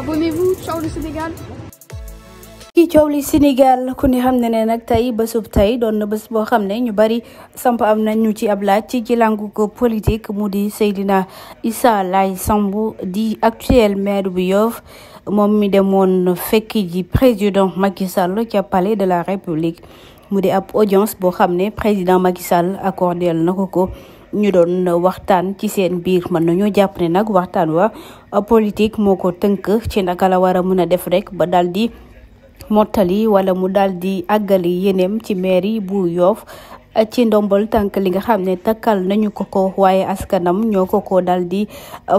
abonnez-vous, ciao le Sénégal de la République audience président Sall ñu doon waxtaan ci seen biir mën nañoo jàpp ne nag waxtaan wa politique moo ko tënk ci naka la war a mën a def rek ba daldi di mottali wala mu daal di àggali yeneem ci mairie bu Yoff ci ndombal tànk li nga xam ne takkal nañu ko ko waaye askanam ñoo ko ko daldi di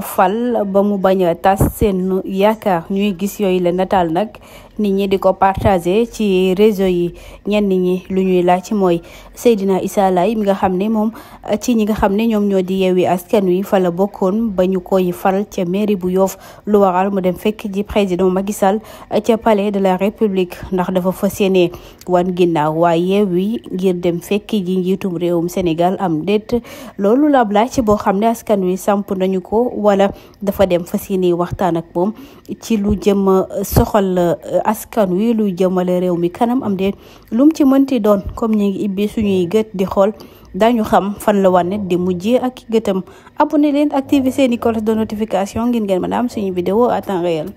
fal ba mu bañ a tas seen yaakaar ñuy gis yooyu la nataal nag nit ñi di ko partager ci réseau yi ñenn ñi lu ñuy laaj mooy Seydina Issa Laye mi nga xam ne moom ci ñi nga xam ne ñoom ñoo di yeewi askan wi fa la bokkoon ba ñu koy faral ce mairie bu Yoff lu waral mu dem fekk ji président Macky Sall ca palais de la République ndax dafa fas yéene wan ginnaaw waaye yeewi ngir dem fekk ji njiitum réewum Sénégal am déet loolu laab laaj boo xam ne askan wi samp nañu ko wala dafa dem fa yéene waxtaan ak moom ci lu jëm soxal askan wi lu jëmale réew mi kanam am de lum ci mënti doon comme ñi ngi ibbi suñuy gëtt di xol dañu xam fan la wanet di mujjé ak gëtam abonné len activer seeni cloche de notification ngir ngeen mëna am suñu vidéo à temps réel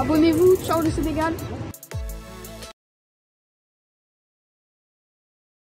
Abonnez-vous, ciao le Sénégal